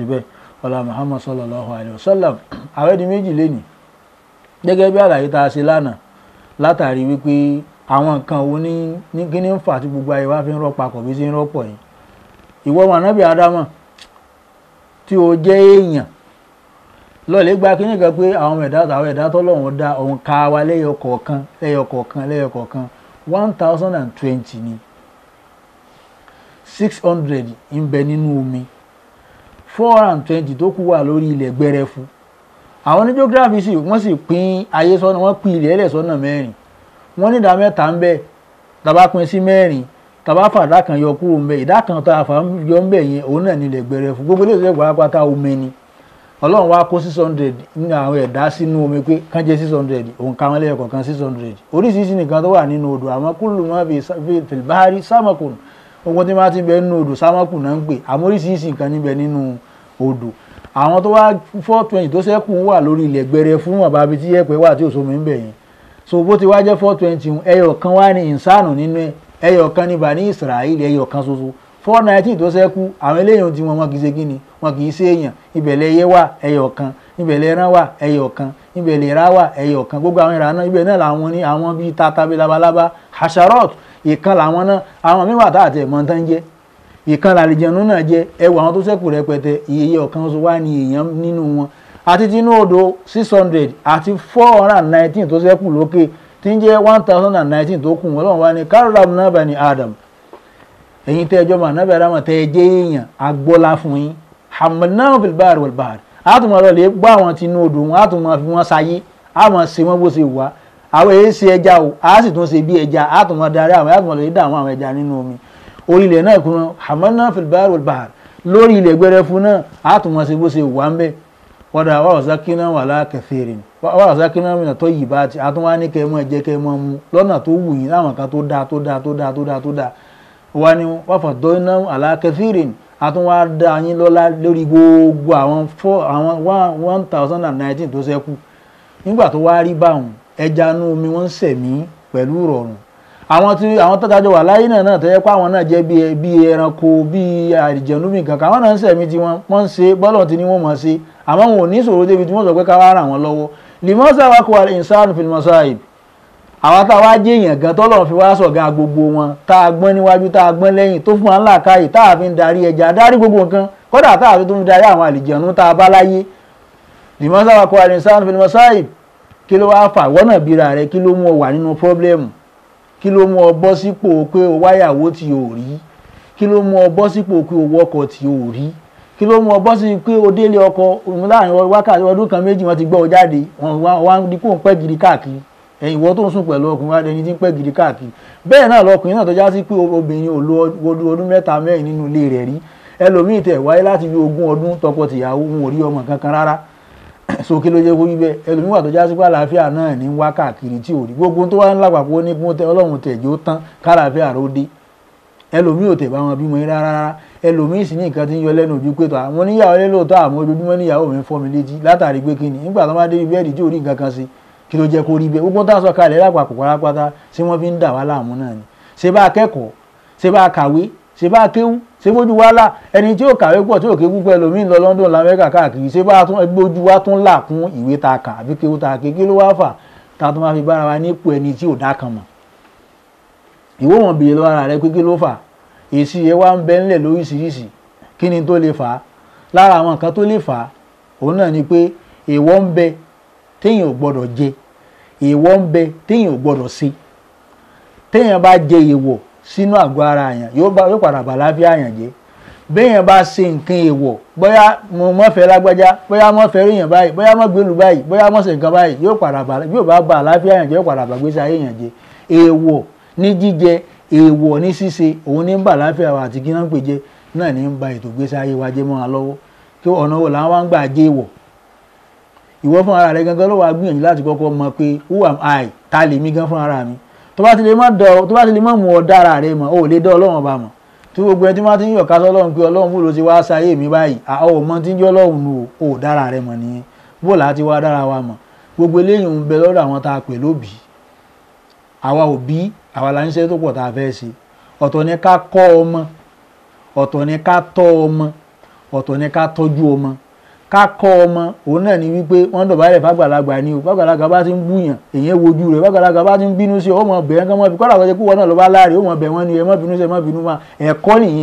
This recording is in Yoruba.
ṣe bẹ́ẹ̀ ọlá muhammad sallallahu alayhi wa sallam àwẹ̀ di méjì lénìí gẹ́gẹ́ bí àlàyé tá a ṣe lánàá látàrí wípé àwọn nǹkan wo ní fà tí gbogbo ayé wa fi ń rọ́pò bí ṣe ń rọ́pò yìí ìwọ mọ̀nàbí adama tí o jẹ́ èèyàn lọ́ọ̀lẹ́ gba kíní kan pé àwọn ẹ̀dá àwọn ẹ̀dá tọ́lọ́run da òun ka wa lẹ́yọ four hundred and twenty tó kù wà lórí ilẹ̀ gbẹrẹfu àwọn ní sì wọ́n sì pín ayé sọ́nà wọ́n pín ilẹ̀ ẹlẹ̀ sọ́nà mẹ́rin wọ́n ní ìdá mẹ́ta ń bẹ tàbá pín sí mẹ́rin tàbá kan yọ kúrò ń ìdá kan yọ ń yẹn òun náà ní ilẹ̀ gbogbo ilé omi ni ọlọ́run six hundred àwọn ẹ̀dá sínú omi pé six hundred òun six hundred oríṣiríṣi nìkan tó odò àwọn tó wá four twenty tó ṣẹ́kù wà lórí ilẹ̀ gbẹrẹ fún bàbá bíi tí ẹ̀pẹ́ wà tí òṣòmí ń bẹ̀ yẹn so bó ti wá jẹ́ four twenty ẹyọ kan wá ní ìsánù nínú ẹyọ kan ní Israel ẹyọ kan ṣoṣo four nineteen tó ṣẹ́kù àwọn eléyìí tí wọn wọn kì í ṣe kí ni wọn kì í ṣe èèyàn ibẹ̀lẹ̀ ẹyẹ wà ẹyọ kan ibẹ̀lẹ̀ ẹran wà ẹyọ kan ibẹ̀lẹ̀ ẹra wà ẹyọ kan gbogbo àwọn ìrànà ibẹ̀ náà làwọn ní àwọn bíi tata bíi labalábá hasharot ìkan làwọn náà àwọn mí wà tá àtẹ̀ mọ́ntán ìkan làlìjẹ̀nu náà jẹ ẹwà àwọn tó ṣẹ́kù rẹpẹtẹ iye ọ̀kan oṣù wá ní èèyàn nínú wọn àti tinú odò six hundred àti four hundred and nineteen tó ṣẹ́kù lókè tí ń jẹ́ one thousand and nineteen tó kù wọ́n lọ́wọ́ wá ní kárọ̀rọ̀ náà bá ní Adam ẹ̀yin tẹ́ ẹjọ́ màá nábẹ́ adámọ̀ tẹ́ ẹ jẹ́ èèyàn agbọ́lá fún yín hamalnahum fil bahri wal bahr àtùmọ̀ lọ lè gbọ́ àwọn tinú odò wọn àtùmọ̀ fi wọ́n sayé àmọ̀ ṣe wọ́n bó ṣe wà àwọn èyí ṣe ẹja o àá sì tún ṣe bí ẹja àtùmọ̀ darí àwọn àtùmọ̀ lè dá àwọn ẹja nínú omi orí ilẹ̀ náà kúnra hamana filbar walbahar lórí ilẹ̀ gbẹrẹfu náà a tún máa ṣe bó ṣe wà ń bẹ wọ́dà wàrọ̀sákínà wà lákẹfẹ́rẹ́ wàrọ̀sákínà mìíràn tó yìí bá ti a tún wá ní kẹ́ mọ́ jẹ́ kẹ́ mọ́ mu lọ́nà tó wù yín láwọn kan tó dáa tó dáa tó dáa tó dáa tó dáa wá ní wàfà dọ́nà alákẹfẹ́rẹ́ a tún wá dá yín lọ́lá lórí gbogbo àwọn four àwọn one thousand and nineteen tó ṣẹ́kù nígbà tó wá rí báwọn ẹja àwọn tí àwọn tó tajọ wà láyé náà náà tẹ́yẹ pé àwọn náà jẹ́ bíi bíi ẹranko bíi àìjẹ̀nu bíi nǹkan kan àwọn náà ń sẹ̀mí tí wọ́n wọ́n ń ṣe bọ́lọ̀ tí ni wọ́n mọ̀ ṣe àmọ́ wọn ò ní ìṣòro débi tí wọ́n sọ pé ká wá ràn wọ́n lọ́wọ́ limosa wa kó ìsánù fil masa'ib àwa tá a wá jẹ́ èèyàn gan tọ́lọ́run fi wá sọ̀gá gbogbo wọn tá a gbọ́n níwájú tá a gbọ́n lẹ́yìn tó fún wa ńlá káyè tá a fi ń darí ẹja darí gbogbo nǹkan kódà tá a fi tó ń darí àwọn àlìjẹ̀nu tá a bá láyé limosa wa kó ìsánù fil masa'ib kí ló wá fà wọ́nà bíra rẹ kí ló mú ọ wà nínú pọ́blẹ́mù kí ló mú ọ bọ́ sípò pé o wáyàwó tí o rí kí ló mú ọ bọ́ sípò pé o wọkọ̀ tí o rí kí ló mú ọ bọ́ sí pé o délé ọkọ láàrin wákàtí ọdún kan méjì wọ́n ti gbọ́ ọ jáde wọ́n wá ní ń pẹ́ gidi káàkiri ẹ̀yìn ìwọ tó ń sùn pẹ̀lú ọkùnrin ẹni tí ń pẹ́ gidi káàkiri bẹ́ẹ̀ náà lọkùnrin náà tó já sí pé obìnrin ò lo ọdún mẹ́ta mẹ́rin nínú ilé rẹ̀ rí ẹlòmíì tẹ̀ wáyé láti bí ogún ọdún tọkọ tìyàwó wọn ò rí ọmọ kankan rárá so kí ló yẹ kó wíbẹ ẹlòmíwà tó jásí pé àlàáfíà náà ní wá káàkiri tí ò rí gbogbo tó wá ń lápapọ̀ ní fún ọlọ́run tẹ̀jọ́ tán kálàáfíà ró dé ẹlòmíì ò tẹ̀ bá wọn bímọ rárá rárá ẹlòmíì sì ní nǹkan tí ń yọ lẹ́nu ojú pé tó àwọn oníyàwó lé lóòótọ́ àmọ́ ojoojúmọ́ níyàwó mi fọ́ mi létí látàrí pé kíni nígbà tó bá dé ibi ẹ̀rí tí ò rí nǹkan kan sí kí ló jẹ́ kó rí bẹ́ẹ̀ gbogbo táwọn sọ̀kalẹ̀ lápapọ̀ pátápátá tí wọ́n fi ń dà wá láàmú náà ni ṣe bá kẹ́kọ̀ọ́ ṣe bá kàwé ṣe bá kéwú ṣé bójú wa là ẹni tí ó kàwé pọ̀ tí ò ké púpọ̀ ẹlòmíín lọ London lamẹ́ríkà káàkiri ṣé bá gbójú wa tún là kún ìwé ta kà àbí kéwú ta ké kí ló wá fà ta tún máa fi bára wa nípò ẹni tí ò dá mọ̀ ìwọ wọn bèèrè lọ ara rẹ pé kí ló fà èsì yẹn wá ń bẹ ńlẹ̀ lóríṣiríṣi kí ni tó lè fà á lára àwọn nǹkan tó lè fà á òun náà ni pé èèwọ̀ ń bẹ téèyàn ò gbọdọ̀ jẹ èèwọ̀ ń bẹ téèyàn ò gbọdọ̀ ṣe téèyàn bá jẹ èèwọ̀ sínú àgọ́ ara àyàn yóò padà bà láfíà àyàn jẹ́ béèyàn bá ṣe nǹkan èèwọ̀ bóyá mo mọ̀ fẹ́ lágbájá bóyá mo fẹ́ ríyàn báyìí bóyá mo gbèlú báyìí bóyá mo ṣe nǹkan báyìí yóò padà bà yóò bá bà láfíà àyàn jẹ́ yóò padà bà gbèsè ayé àyàn jẹ́ èèwọ̀ ní jíjẹ èèwọ̀ ní ṣíṣe òun ní ń bà láfíà wa àti kí ń pè jẹ náà ní ń ba ètò gbèsè ayé wa jẹ́ mọ́ wa lọ́wọ́ kí ọ̀nà who am I ta lèmi gan mi tó bá ti lè má dọ̀ tó bá ti lè má mú ọ dára rẹ mọ̀ ó lè dọ́ ọlọ́run bá mọ̀ tí gbogbo ẹni tí wọ́n ti ń yọ̀ká sọ́lọ́run pé ọlọ́run bóòlù ti wá sáyé mi báyìí àwọn ò mọ tí ń jẹ́ ọlọ́run nù ó dára rẹ mọ̀ nìyẹn bóòlù àti wá dára wa mọ̀ gbogbo eléyìí ń bẹ lọ́dọ̀ àwọn tá a pè lóbìí àwa òbí àwa la ń ṣe tó pọ̀ tá a fẹ́ ṣe ọ̀tọ̀ ni ká kọ́ ọmọ ọ̀tọ̀ ni ká tọ́ ọmọ ọ̀tọ̀ ni ká tọ́jú ọmọ ká kọ́ ọmọ òun náà ni wípé wọ́n dọ̀bálẹ̀ fàgbàlagbà ni o fàgbàlagbà bá ti ń búyàn èyàn wojú rẹ̀ fàgbàlagbà bá ti ń bínú sí ọ ọmọ bẹ̀rẹ̀ kán mọ́ bí kọ́lá kọ́jẹ́ pé wọ́n náà lọ́ bá láàrin ọmọ bẹ̀ wọ́n ni ẹ má bínú sí ẹ má bínú máa ẹ̀kọ́ nìyẹn